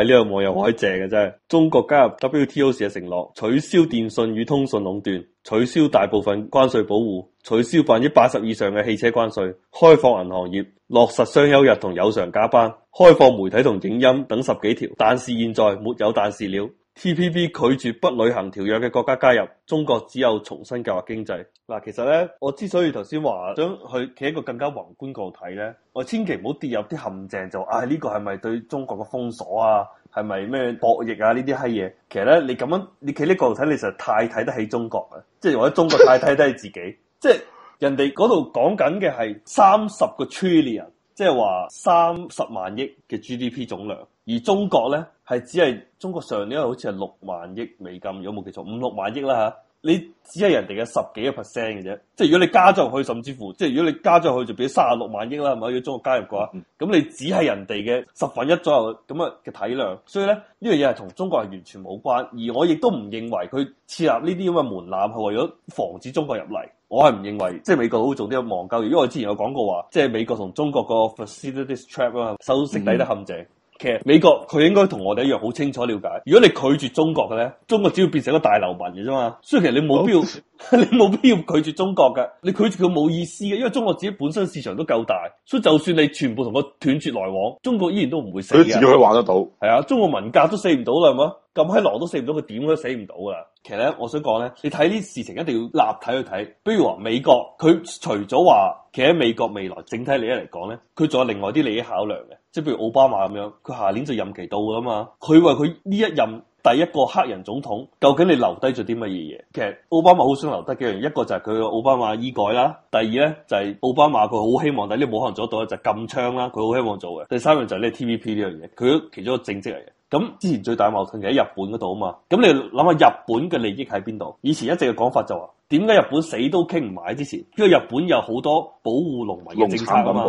喺呢個網友可以借嘅啫。中國加入 WTO 時嘅承諾：取消電信與通訊壟斷，取消大部分關稅保護，取消百分之八十以上嘅汽車關稅，開放銀行業，落實雙休日同有償加班，開放媒體同影音等十幾條。但是現在沒有大事了。TPP 拒絕不履行條約嘅國家加入，中國只有重新計劃經濟。嗱，其實咧，我之所以頭先話想去企一個更加宏觀角度睇咧，我千祈唔好跌入啲陷阱就，就啊呢、呢個係咪對中國嘅封鎖啊？係咪咩博弈啊？呢啲閪嘢，其實咧，你咁樣你企呢個度睇，你實在太睇得起中國啊！即係我覺得中國太睇得起自己， illion, 即係人哋嗰度講緊嘅係三十個 trillion，即係話三十萬億嘅 GDP 總量。而中國咧，係只係中國上年好似係六萬億美金，如果冇記錯五六萬億啦嚇、啊，你只係人哋嘅十幾個 percent 嘅啫。即係如果你加咗入去，甚至乎即係如果你加咗入去，就變咗三十六萬億啦，係咪？要中國加入嘅話，咁你只係人哋嘅十分一左右咁啊嘅體量。所以咧，呢樣嘢係同中國係完全冇關。而我亦都唔認為佢設立呢啲咁嘅門檻係為咗防止中國入嚟。我係唔認為，即係美國好做啲忘記。因為我之前有講過話，即係美國同中國個 Trap 啊，修昔底德陷阱。嗯其實美國佢應該同我哋一樣好清楚了解，如果你拒絕中國嘅咧，中國只要變成一個大流民嘅啫嘛，所以其實你冇必要， 你冇必要拒絕中國嘅，你拒絕佢冇意思嘅，因為中國自己本身市場都夠大，所以就算你全部同佢斷絕來往，中國依然都唔會死。佢自己可以玩得到，係啊，中國文革都死唔到啦，係嘛？咁喺羅都死唔到，佢點都死唔到噶啦。其實咧，我想講咧，你睇呢事情一定要立體去睇。比如話美國，佢除咗話，其實喺美國未來整體利益嚟講咧，佢仲有另外啲利益考量嘅。即係譬如奧巴馬咁樣，佢下年就任期到噶嘛，佢話佢呢一任。第一個黑人總統，究竟你留低咗啲乜嘢嘢？其實奧巴馬好想留低嘅一樣，一個就係佢嘅奧巴馬醫改啦。第二咧就係奧巴馬佢好希望，但係你冇可能做到咧，就是、禁槍啦。佢好希望做嘅。第三樣就係呢 TPP 呢樣嘢，佢其中一個政績嚟嘅。咁之前最大矛盾就喺日本嗰度啊嘛。咁你諗下日本嘅利益喺邊度？以前一直嘅講法就話、是，點解日本死都傾唔埋之前？因為日本有好多保護農民嘅政策啊嘛。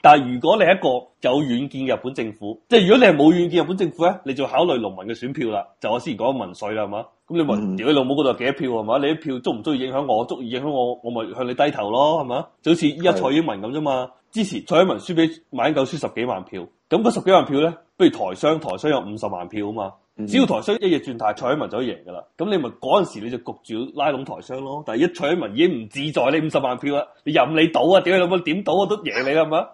但係如果你係一個有遠見嘅日本政府，即係如果你係冇遠見日本政府咧，你就考慮農民嘅選票啦。就我之前講民粹啦，係嘛？咁你咪屌你老母嗰度幾多票，係嘛？你啲票足唔足以影響我？足以影響我，我咪向你低頭咯，係嘛？就好似依家蔡英文咁啫嘛。是的 之前蔡英文輸俾馬英九輸十幾萬票，咁嗰十幾萬票咧，不如台商，台商有五十萬票啊嘛。嗯、只要台商一日轉軚，蔡英文就可以贏噶啦。咁你咪嗰陣時你就焗住拉攏台商咯。但係一蔡英文已經唔自在，你五十萬票啦，你任你賭啊，屌你老母點賭、啊、我都贏你係嘛？啊？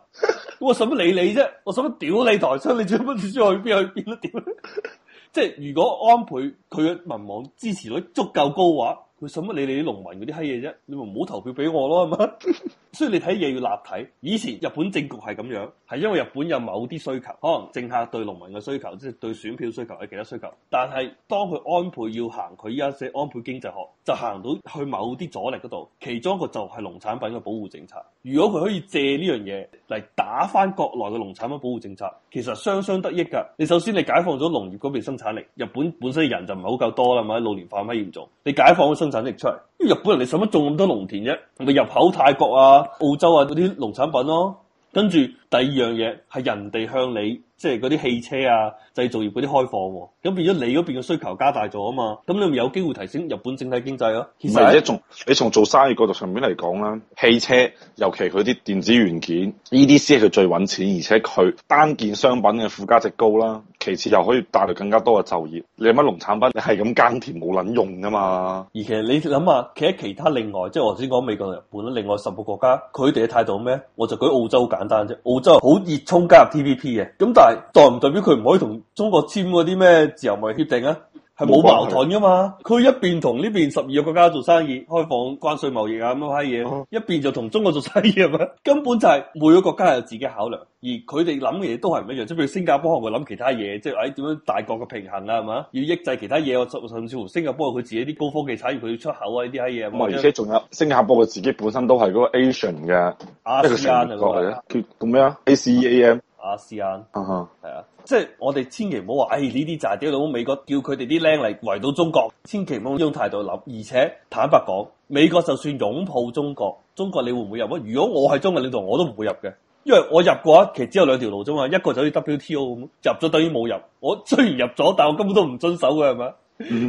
我使乜理你啫？我使乜屌你台商？你做乜要邊去邊都點？去 即係如果安倍佢嘅民望支持率足夠高嘅話。為什乜你哋啲農民嗰啲閪嘢啫？你咪唔好投票俾我咯，係嘛？ 所以你睇嘢要立體。以前日本政局係咁樣，係因為日本有某啲需求，可能政客對農民嘅需求，即、就、係、是、對選票需求，或其他需求。但係當佢安倍要行佢依一些安倍經濟學，就行到去某啲阻力嗰度，其中一個就係農產品嘅保護政策。如果佢可以借呢樣嘢嚟打翻國內嘅農產品保護政策，其實雙雙得益噶。你首先你解放咗農業嗰邊生產力，日本本身人就唔係好夠多啦，係喺老年化威嚴重，你解放咗生。散力出嚟，日本人你使乜種咁多農田啫？咪入口泰國啊、澳洲啊嗰啲農產品咯、啊。跟住第二樣嘢係人哋向你。即係嗰啲汽車啊，製造業嗰啲開放、啊，咁變咗你嗰邊嘅需求加大咗啊嘛，咁你咪有機會提升日本整體經濟咯、啊。其實從你從做生意角度上面嚟講啦，汽車尤其佢啲電子元件，呢啲先係最搵錢，而且佢單件商品嘅附加值高啦、啊，其次又可以帶嚟更加多嘅就業。你乜農產品，你係咁耕田冇撚用噶嘛？而其實你諗下，企喺其他另外，即係我頭先講美國、日本另外十個國家，佢哋嘅態度咩？我就舉澳洲簡單啫，澳洲好熱衷加入 TPP 嘅，咁但代唔代表佢唔可以同中國簽嗰啲咩自由貿易協定啊？係冇矛盾噶嘛？佢一邊同呢邊十二個國家做生意，開放關稅貿易啊咁樣嘢，嗯、一邊就同中國做生意啊嘛？根本就係每個國家有自己考量，而佢哋諗嘅嘢都係唔一樣。即係譬如新加坡佢諗其他嘢，即係喺點樣大國嘅平衡啊，係嘛？要抑制其他嘢。甚至乎新加坡佢自己啲高科技產業，佢要出口啊呢啲嘢。咁而且仲有、嗯、新加坡佢自己本身都係嗰個 Asian 嘅、啊、一個國家嚟嘅，叫咩啊？ACEAM。是阿斯安，係、uh huh. 啊，即係我哋千祈唔好話，誒呢啲就係屌佬，美國叫佢哋啲靚嚟，圍到中國，千祈唔好呢種態度諗。而且坦白講，美國就算擁抱中國，中國你會唔會入？如果我係中國領導，我都唔會入嘅，因為我入嘅其實只有兩條路啫嘛，一個就好似 WTO 咁，入咗等於冇入。我雖然入咗，但我根本都唔遵守嘅，係咪？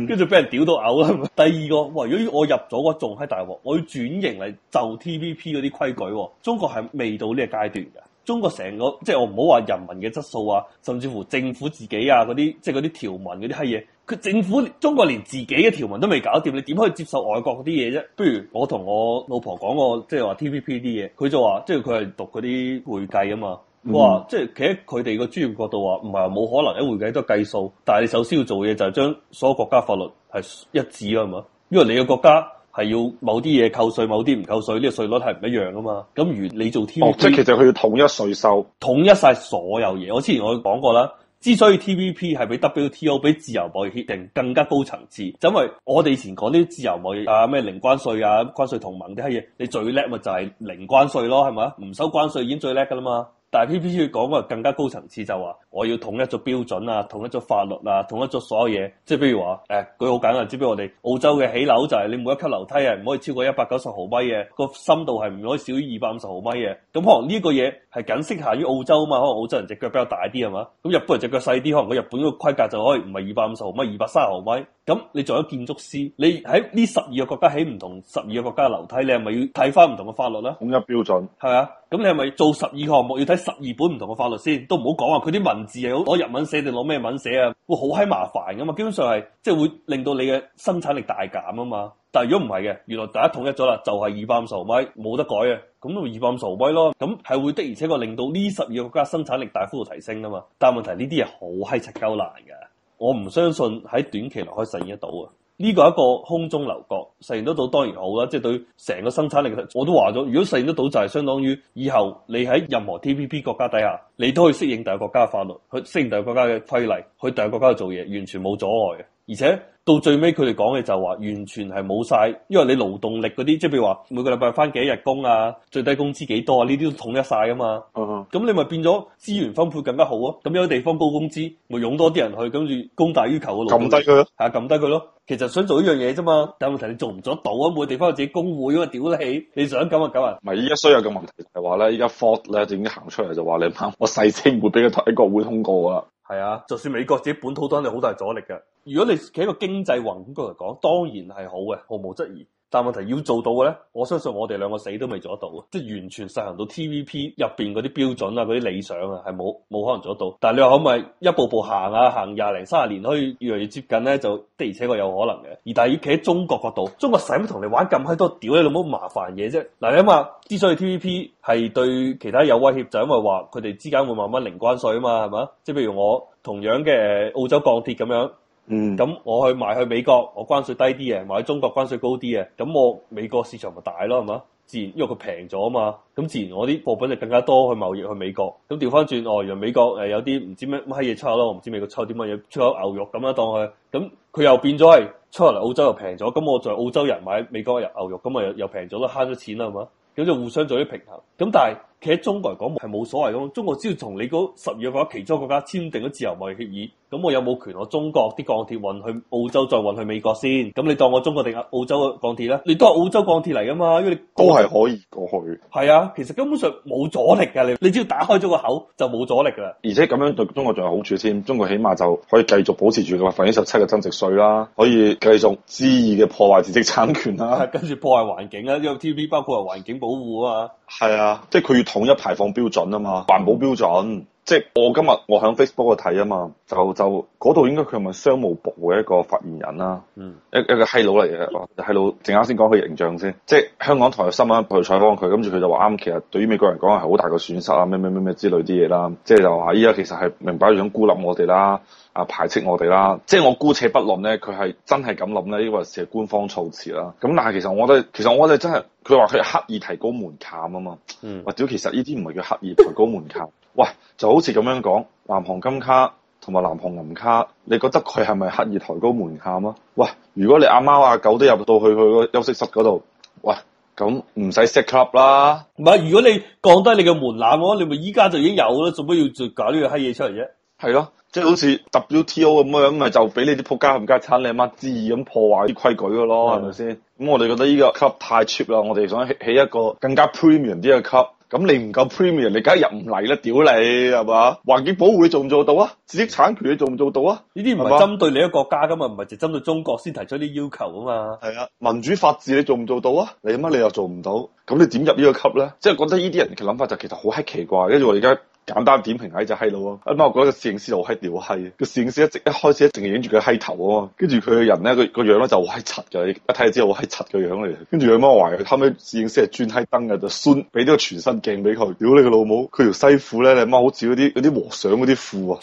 跟住俾人屌到嘔啦。第二個，哇！如果我入咗嘅仲喺大鑊，我要轉型嚟就 TPP 嗰啲規矩，中國係未到呢個階段嘅。中國成個即係我唔好話人民嘅質素啊，甚至乎政府自己啊，嗰啲即係嗰啲條文嗰啲係嘢，佢政府中國連自己嘅條文都未搞掂，你點可以接受外國嗰啲嘢啫？不如我同我老婆講過即係話 TPP 啲嘢，佢就話即係佢係讀嗰啲會計啊嘛，佢話、嗯、即係其實佢哋個專業角度話唔係話冇可能，因為會計都係計數，但係你首先要做嘅嘢就係將所有國家法律係一致啊，係咪？因為你嘅國家。係要某啲嘢扣稅，某啲唔扣稅，呢個稅率係唔一樣噶嘛。咁如你做 TPP 即係其實佢要統一稅收，統一晒所有嘢。我之前我講過啦，之所以 TPP 係比 WTO 比自由貿易協定更加高層次，就係因為我哋以前講啲自由貿易啊，咩零關稅啊，關稅同盟啲係嘢，你最叻咪就係零關稅咯，係咪啊？唔收關稅已經最叻噶啦嘛。但係 TPP 講話更加高層次就話，我要統一咗標準啊，統一咗法律啊，統一咗所有嘢。即係譬如話，誒、哎，舉好簡單，只不過我哋澳洲嘅起樓就係你每一級樓梯啊，唔可以超過一百九十毫米嘅，個深度係唔可以少於二百五十毫米嘅。咁可能呢個嘢係僅適限於澳洲啊嘛，可能澳洲人隻腳比較大啲係嘛？咁日本人隻腳細啲，可能佢日本個規格就可以唔係二百五十毫米，二百三十毫米。咁你做咗建築師，你喺呢十二個國家起唔同十二個國家嘅樓梯，你係咪要睇返唔同嘅法律咧？統一標準係咪啊？咁你係咪做十二個項目要睇十二本唔同嘅法律先？都唔好講話佢啲文字又好，攞日文寫定攞咩文寫啊？會好閪麻煩噶嘛？基本上係即係會令到你嘅生產力大減啊嘛！但係如果唔係嘅，原來大家統一咗啦，就係二百五十米冇得改嘅，咁都二百五十米咯。咁係會的而且確令到呢十二個國家生產力大幅度提升啊嘛！但係問題呢啲係好閪柒鳩難嘅。我唔相信喺短期內可以實現得到啊！呢個係一個空中樓閣，實現得到當然好啦，即係對成個生產力，我都話咗，如果實現得到就係相當於以後你喺任何 TPP 國家底下，你都可以適應第二國家嘅法律，去適應第二國家嘅規例，去第二國家度做嘢，完全冇阻礙嘅。而且到最尾，佢哋講嘅就話完全係冇晒，因為你勞動力嗰啲，即係譬如話每個禮拜翻幾日工啊，最低工資幾多啊，呢啲都統一晒㗎嘛。咁、嗯嗯、你咪變咗資源分配更加好啊。咁有啲地方高工資，咪湧多啲人去，跟住供大於求嘅勞動力，撳低佢咯。係啊，撳低佢咯。其實想做呢樣嘢啫嘛。但問題你做唔做得到啊？每個地方有自己工會喎，因為屌得起。你想撳啊撳啊。唔係依家需啊嘅問題就係話咧，依家 Ford 咧就已經行出嚟就話你媽，我誓死唔會俾佢喺國會通過啊！係啊，就算美國自己本土都有好大阻力嘅。如果你企喺個經濟宏觀嚟講，當然係好嘅，毫無質疑。但問題要做到嘅咧，我相信我哋兩個死都未做得到啊。即係完全實行到 TPP 入邊嗰啲標準啊、嗰啲理想啊，係冇冇可能做得到。但係你話可唔可以一步步行啊？行廿零三十年去越嚟越接近咧，就的而且確有可能嘅。而但係要企喺中國角度，中國使乜同你玩咁閪多屌你老母麻煩嘢啫？嗱，你諗下、啊，之所以 TPP 係對其他有威脅，就是、因為話佢哋之間會慢慢零關稅啊嘛，係嘛？即係譬如我同樣嘅澳洲鋼鐵咁樣。嗯，咁我去賣去美國，我關稅低啲嘅，賣喺中國關稅高啲嘅，咁我美國市場咪大咯，係嘛？自然，因為佢平咗啊嘛，咁自然我啲貨品就更加多去貿易去美國，咁調翻轉哦，原來美國誒、呃、有啲唔知咩咩嘢出口咯，我唔知美國出啲乜嘢，出口牛肉咁樣當佢，咁佢又變咗係出口嚟，澳洲又平咗，咁我在澳洲人買美國嘅牛牛肉，咁啊又又平咗啦，慳咗錢啦，係嘛？咁就互相做啲平衡，咁但係。其實中國嚟講係冇所謂咯，中國只要同你嗰十二個其中一個國家簽訂咗自由貿易協議，咁我有冇權我中國啲鋼鐵運去澳洲再運去美國先？咁你當我中國定係澳洲嘅鋼鐵咧？你都係澳洲鋼鐵嚟噶嘛？因為你都係可以過去。係啊，其實根本上冇阻力噶，你你只要打開咗個口就冇阻力噶啦。而且咁樣對中國仲有好處先，中國起碼就可以繼續保持住個百分之十七嘅增值稅啦，可以繼續恣意嘅破壞知識產權啦，跟住破壞環境啦，因為 TPP 包括係環境保護啊係啊，即係佢要統一排放標準啊嘛，環保標準。即係我今日我喺 Facebook 度睇啊嘛，就就度應該佢係咪商務部嘅一個發言人啦、啊？嗯，一一個閪佬嚟嘅，閪佬。陣間先講佢形象先。即係香港台嘅新聞去採訪佢，跟住佢就話啱。其實對於美國人講係好大嘅損失啊，咩咩咩咩之類啲嘢啦。即係就話依家其實係明白想孤立我哋啦，啊排斥我哋啦。即係我姑且不論咧，佢係真係咁諗咧，呢個係官方措辭啦。咁但係其實我覺得，其實我覺得真係佢話佢刻意提高門檻啊嘛。或者、嗯、其實呢啲唔係叫刻意提高門檻。喂，就好似咁樣講，南航金卡同埋南航銀卡，你覺得佢係咪刻意抬高門檻啊？喂，如果你阿貓阿狗都入到他去佢個休息室嗰度，喂，咁唔使 set club 啦。唔係，如果你降低你嘅門檻，你咪依家就已經有啦，做乜要再搞個呢個黑嘢出嚟啫？係咯，即係好似 WTO 咁樣，咪就俾你啲撲街冚家鏟，你阿媽知咁破壞啲規矩嘅咯，係咪先？咁我哋覺得呢個 club 太 cheap 啦，我哋想起一個更加 premium 啲嘅 club。咁你唔夠 premium，你梗係入唔嚟啦！屌你係嘛？環境保護你做唔做到啊？知識產權你做唔做到啊？呢啲唔係針對你一個國家噶嘛，唔係就針對中國先提出啲要求啊嘛。係啊，民主法治你做唔做到啊？你乜你又做唔到？咁你點入呢個級咧？即係覺得呢啲人嘅諗法就其實好閪奇怪。跟住我而家。簡單點評下呢隻閪佬啊！阿媽，我覺得個攝影師好閪屌閪，個攝影師一直一開始一直影住佢閪頭啊嘛，跟住佢個人咧，個個樣咧就好閪柒嘅，一睇之後好閪柒嘅樣嚟嘅。跟住阿媽話，佢後屘攝影師係轉閪燈嘅，就酸，俾啲個全身鏡俾佢，屌你個老母，佢條西褲咧，你媽好似嗰啲啲和尚嗰啲褲啊，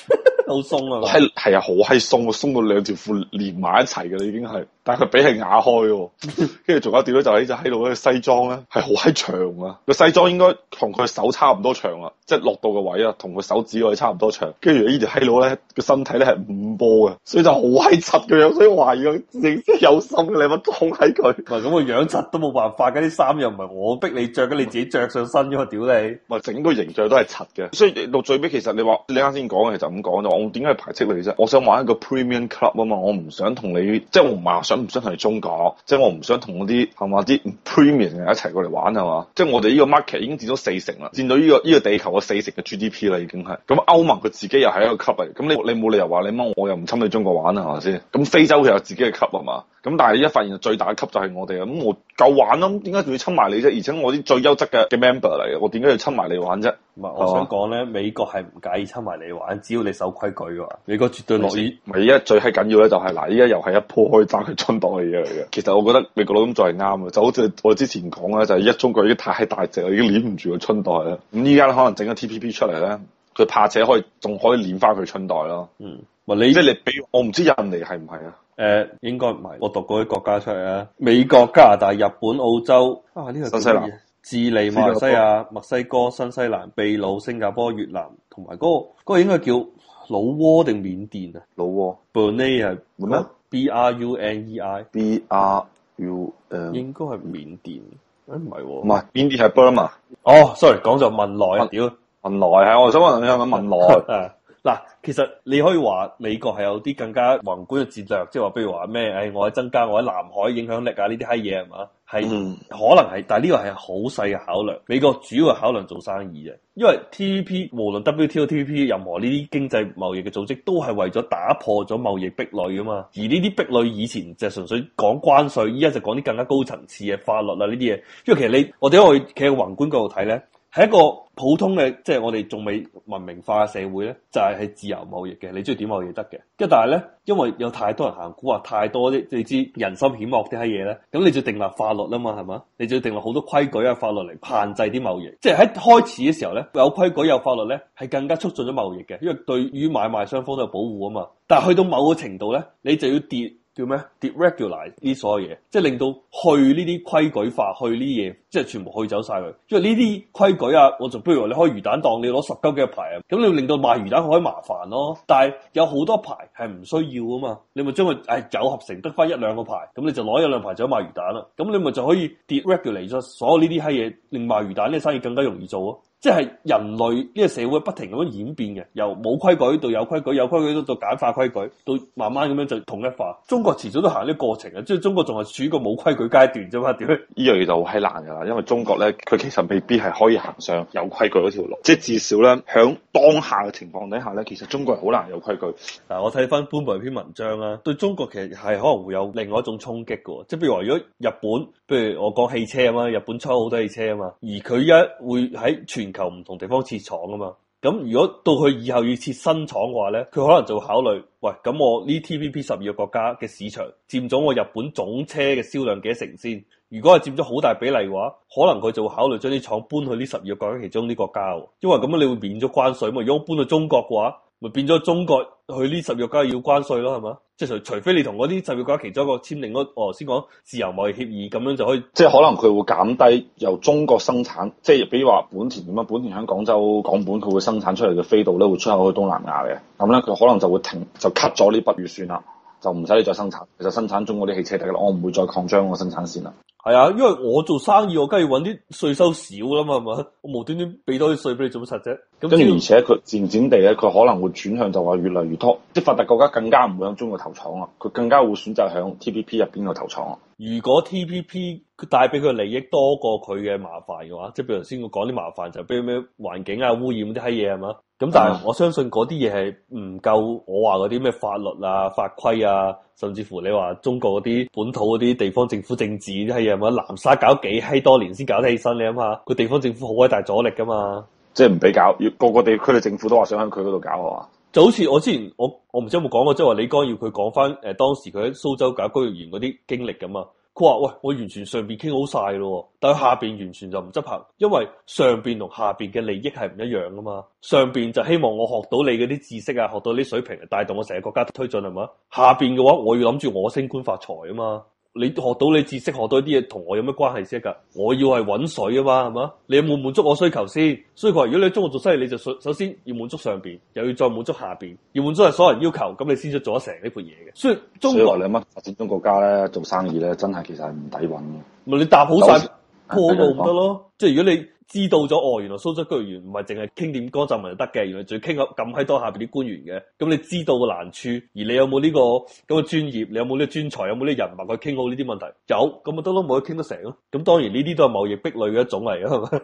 好鬆啊，係係啊，好閪鬆啊，鬆到兩條褲連埋一齊嘅啦，已經係。但係佢鼻係瓦開喎，跟住仲有一點咧， 就係呢隻閪佬嘅西裝咧，係好閪長啊！個西裝應該同佢手差唔多長啊，即係落到嘅位啊，同佢手指位差唔多長。跟住呢條閪佬咧，個身體咧係五波嘅，所以就好閪柒嘅樣，所以懷疑佢認真有心嘅，物捅喺佢？唔係咁，個樣柒都冇辦法，嗰啲衫又唔係我逼你着嘅，你自己着上身咗啊！屌你！咪整個形象都係柒嘅，所以到最尾其實你話你啱先講嘅，就咁講啫。我點解排斥你啫？我想玩一個 premium club 啊嘛，我唔想同你，即係我唔係想唔想去中國？即係我唔想同嗰啲係嘛啲 premium 人一齊過嚟玩係嘛？即係我哋呢個 market 已經佔咗四成啦，佔到呢個呢個地球嘅四成嘅 GDP 啦，已經係咁。歐盟佢自己又係一個級嚟，咁你你冇理由話你乜我又唔侵你中國玩啊？係咪先？咁非洲佢有自己嘅級係嘛？咁但係而家發現最大級就係我哋啦，咁我夠玩咯、啊，咁點解仲要侵埋你啫？而且我啲最優質嘅嘅 member 嚟嘅，我點解要侵埋你玩啫？唔係我想講咧，啊、美國係唔介意侵埋你玩，只要你守規矩嘅話，美國絕對一可以。唯一最係緊要咧，就係嗱，依家又係一波可以爭佢春袋嘅嘢嚟嘅。其實我覺得美國佬咁做係啱嘅，就好似我之前講嘅，就係、而家中國已經太大隻，已經攆唔住個春袋啦。咁依家可能整個 TPP 出嚟咧，佢怕且可以仲可以攆翻佢春袋咯。嗯，唔係你咧？你俾我唔知印尼係唔係啊？誒，應該唔係，我讀嗰啲國家出嚟啊，美國、加拿大、日本、澳洲啊，呢、這個新西蘭、智利、馬來西亞、墨西哥、新西蘭、秘魯、新加坡、越南，同埋嗰個嗰、那個應該叫老撾定緬甸啊？老撾，Borne 係咩？B R U N E I B R U，誒，應該係緬甸，誒唔係，唔係邊啲係 Burma？哦，是哦，sorry，講咗文萊，屌，文萊係文文，我想問你有冇文萊？ 嗱，其實你可以話美國係有啲更加宏觀嘅戰略，即係話，譬如話咩，誒，我喺增加我喺南海影響力啊，呢啲閪嘢係嘛，係可能係，但係呢個係好細嘅考量。美國主要係考量做生意嘅，因為 TPP 無論 WTO、TPP，任何呢啲經濟貿易嘅組織都係為咗打破咗貿易壁壘啊嘛。而呢啲壁壘以前就純粹講關稅，依家就講啲更加高層次嘅法律啦、啊，呢啲嘢。因為其實你我哋可以企喺宏觀角度睇咧？係一個普通嘅，即係我哋仲未文明化嘅社會咧，就係係自由貿易嘅，你中意點貿易得嘅。咁但係咧，因為有太多人行古惑，太多啲你知人心險惡啲閪嘢咧，咁你就要定立法律啦嘛，係嘛，你就要定立好多規矩啊法律嚟限制啲貿易。即係喺開始嘅時候咧，有規矩有法律咧，係更加促進咗貿易嘅，因為對於買賣雙方都有保護啊嘛。但係去到某個程度咧，你就要跌。叫咩？deregulate 呢啲所有嘢，即係令到去呢啲規矩化，去呢啲嘢，即係全部去走晒佢。因為呢啲規矩啊，我就不如話你開魚蛋檔，你攞十幾個牌啊，咁你令到賣魚蛋好閪麻煩咯。但係有好多牌係唔需要啊嘛，你咪將佢誒組合成得翻一兩個牌，咁你就攞一兩牌就賣魚蛋啦。咁你咪就，就可以 deregulate 咗所有呢啲閪嘢，令賣魚蛋呢生意更加容易做啊！即係人類呢個社會不停咁樣演變嘅，由冇規矩到有規矩，有規矩到到簡化規矩，到慢慢咁樣就統一化。中國遲早都行呢個過程嘅，即係中國仲係處於個冇規矩階段啫嘛。點呢？呢樣嘢就好閪難噶啦，因為中國咧，佢其實未必係可以行上有規矩嗰條路。即係至少咧，響當下嘅情況底下咧，其實中國係好難有規矩。嗱、啊，我睇翻番部篇文章啦、啊，對中國其實係可能會有另外一種衝擊嘅。即係譬如話，如果日本，譬如我講汽車啊嘛，日本出好多汽車啊嘛，而佢一會喺全求唔同地方設廠啊嘛，咁如果到佢以後要設新廠嘅話咧，佢可能就會考慮，喂，咁我呢 TPP 十二個國家嘅市場占咗我日本總車嘅銷量幾多成先？如果係佔咗好大比例嘅話，可能佢就會考慮將啲廠搬去呢十二個國家其中啲國家，因為咁樣你會免咗關稅嘛。如果搬到中國嘅話。咪變咗中國去呢十個國家要關稅咯，係嘛？即係除除非你同嗰啲十個國家其中一個簽訂嗰我頭先講自由貿易協議，咁樣就可以。即係可能佢會減低由中國生產，即係比如話本田咁樣，本田喺廣州港本佢會生產出嚟嘅飛度咧，會出口去東南亞嘅。咁咧佢可能就會停就 cut 咗呢筆預算啦，就唔使你再生產，其實生產中國嗰啲汽車得噶啦，我唔會再擴張我個生產線啦。係啊，因為我做生意，我梗係要揾啲稅收少啦嘛，係嘛？我無端端俾多啲稅俾你做乜柒啫？跟住，而且佢漸漸地咧，佢可能會轉向，就話越嚟越多。即係發達國家更加唔會向中國投廠喇，佢更加會選擇響 TPP 入邊度投廠。如果 TPP 帶俾佢利益多過佢嘅麻煩嘅話，即係譬如先講啲麻煩，就比如咩環境啊、污染啲閪嘢係嘛？咁但係我相信嗰啲嘢係唔夠我話嗰啲咩法律啊、法規啊，甚至乎你話中國嗰啲本土嗰啲地方政府政治啲嘢係嘛？南沙搞幾閪多年先搞得起身，你諗下，佢地方政府好鬼大阻力㗎嘛？即係唔俾搞，要各個地區嘅政府都話想喺佢嗰度搞，好啊。就好似我之前我我唔知有冇講過，即係話李剛要佢講翻誒當時佢喺蘇州搞工業園嗰啲經歷噶嘛？佢話喂，我完全上邊傾好晒咯，但係下邊完全就唔執行，因為上邊同下邊嘅利益係唔一樣噶嘛。上邊就希望我學到你嗰啲知識啊，學到啲水平嚟帶動我成個國家推進，係嘛？下邊嘅話，我要諗住我升官發財啊嘛。你學到你知識，學到啲嘢，同我有咩關係先？噶,我要係搵水啊嘛，係嘛？你有冇滿足我需求先？所以佢話如果你中國做生意，你就首先要滿足上邊，又要再滿足下邊，要滿足係所有人要求，咁你先至做得成呢盤嘢嘅。所以中國兩乜發展中國家咧做生意咧，真係其實係唔抵搵嘅。唔，你搭好晒鋪到唔得咯？即係如果你。知道咗哦，原來蘇州居員唔係淨係傾點歌就咪得嘅，原來仲要傾下咁喺多下邊啲官員嘅。咁你知道個難處，而你有冇呢、這個咁嘅專業？你有冇呢個專才？有冇呢個人物去傾好呢啲問題？有咁咪都咯，冇得傾得成咯。咁當然呢啲都係貿易壁壘嘅一種嚟嘅，係咪？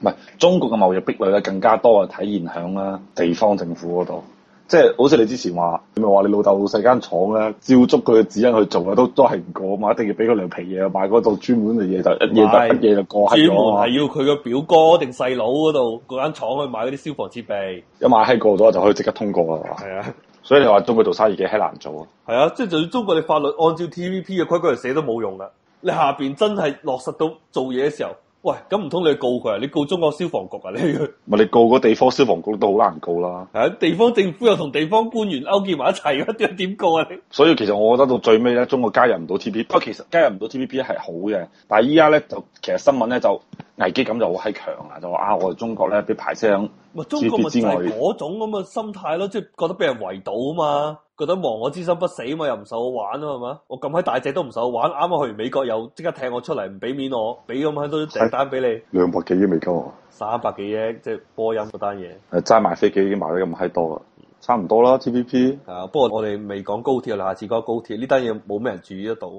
唔係，中國嘅貿易壁壘咧更加多係，體現喺啦地方政府嗰度。即係好似你之前話，你咪話你老豆老細間廠咧，照足佢嘅指引去做啊，都都係唔過啊嘛，一定要俾佢兩皮嘢買嗰度專門嘅嘢就一夜一嘢就過黑咗。專門係要佢個表哥定細佬嗰度嗰間廠去買嗰啲消防設備，一買閪過咗就可以即刻通過啊嘛。係啊，所以你話中國做生意嘅係難做啊？係啊，即係就算中國嘅法律按照 T P P 嘅規矩嚟寫都冇用啦。你下邊真係落實到做嘢嘅時候。喂，咁唔通你告佢啊？你告中國消防局啊？你去！咪你告個地方消防局都好難告啦。係、啊、地方政府又同地方官員勾結埋一齊啊，點啊點告啊？你！所以其實我覺得到最尾咧，中國加入唔到 TPP。不過其實加入唔到 TPP 係好嘅，但係依家咧就其實新聞咧就。 危機感就好閪強啦，就話啊，我哋中國咧啲排聲，中國咪就係嗰種咁嘅心態咯，即係覺得俾人圍堵啊嘛，覺得亡我之心不死啊嘛，又唔受我玩啊嘛，我咁喺大隻都唔受我玩，啱啱去完美國又即刻踢我出嚟，唔俾面我，俾咁閪多訂單俾你，哎，兩百幾億未夠啊，三百幾億即係波音嗰單嘢，誒，齋買飛機已經買咗咁閪多啦，差唔多啦 TPP，啊，不過我哋未講高鐵啊，下次講高鐵呢單嘢冇咩人注意得到。